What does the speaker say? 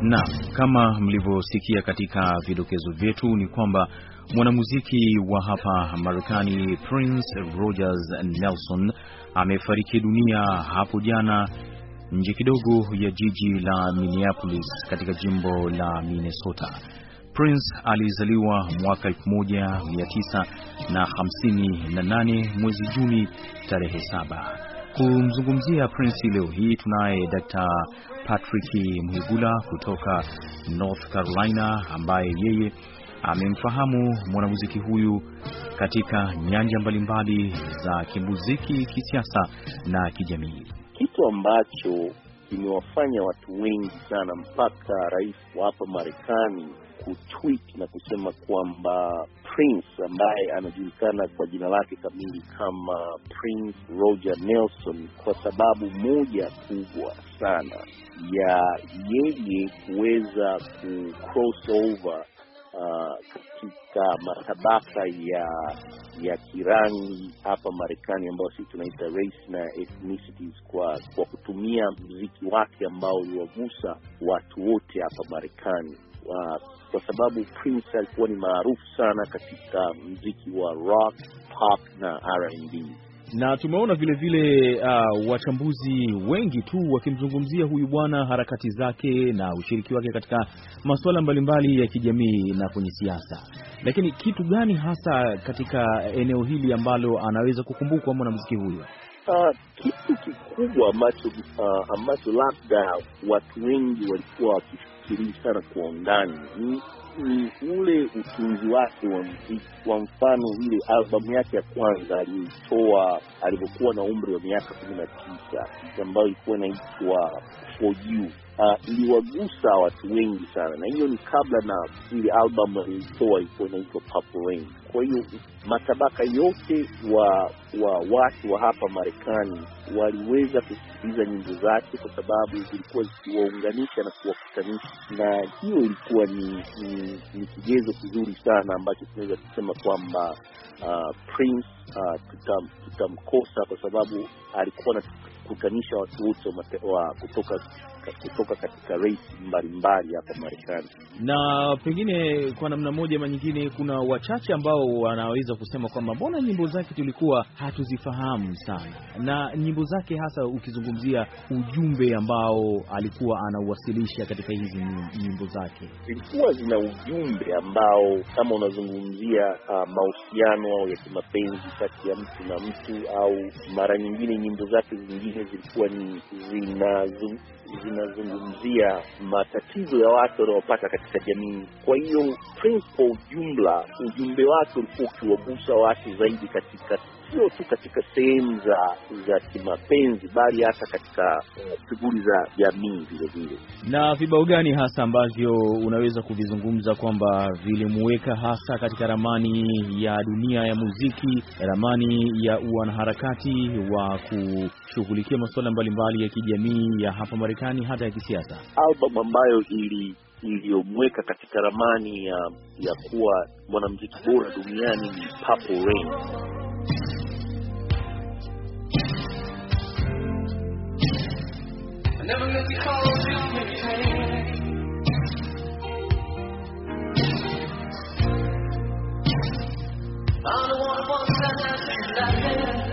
Na kama mlivyosikia katika vidokezo vyetu ni kwamba mwanamuziki wa hapa Marekani Prince Rogers Nelson amefariki dunia hapo jana nje kidogo ya jiji la Minneapolis katika jimbo la Minnesota. Prince alizaliwa mwaka 1958 mwezi Juni tarehe 7. Kumzungumzia Prince leo hii tunaye Dr. Patrick Mwigula kutoka North Carolina ambaye yeye amemfahamu mwanamuziki huyu katika nyanja mbalimbali za kimuziki, kisiasa na kijamii. Kitu ambacho kimewafanya watu wengi sana mpaka rais wa hapa Marekani kutweet na kusema kwamba Prince ambaye anajulikana kwa jina lake kamili kama Prince Roger Nelson, kwa sababu moja kubwa sana ya yeye kuweza ku cross over uh, katika matabaka ya ya kirangi hapa Marekani ambayo sisi tunaita race na ethnicities, kwa kwa kutumia mziki wake ambao uliwagusa watu wote hapa Marekani kwa sababu Prince alikuwa ni maarufu sana katika mziki wa rock, pop na R&B na tumeona vile vile uh, wachambuzi wengi tu wakimzungumzia huyu bwana, harakati zake na ushiriki wake katika masuala mbalimbali ya kijamii na kwenye siasa. Lakini kitu gani hasa katika eneo hili ambalo anaweza kukumbukwa mwanamuziki huyo? Uh, kitu kikubwa ambacho uh, ambacho labda watu wengi walikuwa nafikirii sana kwa undani ni, ni ule utunzi wake wa mziki. Kwa mfano ile albamu yake ya kwanza aliyoitoa alivyokuwa na umri wa miaka kumi na tisa ambayo ilikuwa inaitwa For You. Uh, iliwagusa watu wengi sana, na hiyo ni kabla na ile albamu aliyoitoa ilikuwa inaitwa Purple Rain. Kwa hiyo matabaka yote wa wa watu wa hapa Marekani waliweza kusikiliza nyimbo zake, kwa sababu zilikuwa zikiwaunganisha na kuwakutanisha na hiyo ilikuwa ni, ni, ni kigezo kizuri sana ambacho tunaweza kusema kwamba uh, Prince uh, tutamkosa tuta kwa sababu alikuwa na kukutanisha watu wote wa kutoka kutoka katika race mbalimbali hapa Marekani, na pengine kwa namna moja ama nyingine, kuna wachache ambao wanaweza kusema kwamba mbona nyimbo zake tulikuwa hatuzifahamu sana, na nyimbo zake hasa ukizungumzia ujumbe ambao alikuwa anauwasilisha katika hizi nyimbo zake, zilikuwa zina ujumbe ambao kama unazungumzia uh, mahusiano au ya kimapenzi kati ya mtu na mtu, au mara nyingine nyimbo zake zingine zingine zilikuwa ni zinazungumzia zina, matatizo ya watu wanaopata katika jamii. Kwa hiyo Prince kwa ujumla, ujumbe wake ulikuwa ukiwagusa watu zaidi katika sio tu katika sehemu za za kimapenzi, bali hata katika eh, shughuli uh, za jamii vile vile. Na vibao gani hasa ambavyo unaweza kuvizungumza kwamba vilimuweka hasa katika ramani ya dunia ya muziki, ramani ya wanaharakati wa kushughulikia masuala mbalimbali ya kijamii ya hapa Marekani hata ya kisiasa? Albamu ambayo ili iliyomweka katika ramani ya ya kuwa mwanamuziki bora duniani ni Purple Rain. never meant to cause you any pain. I don't want one that has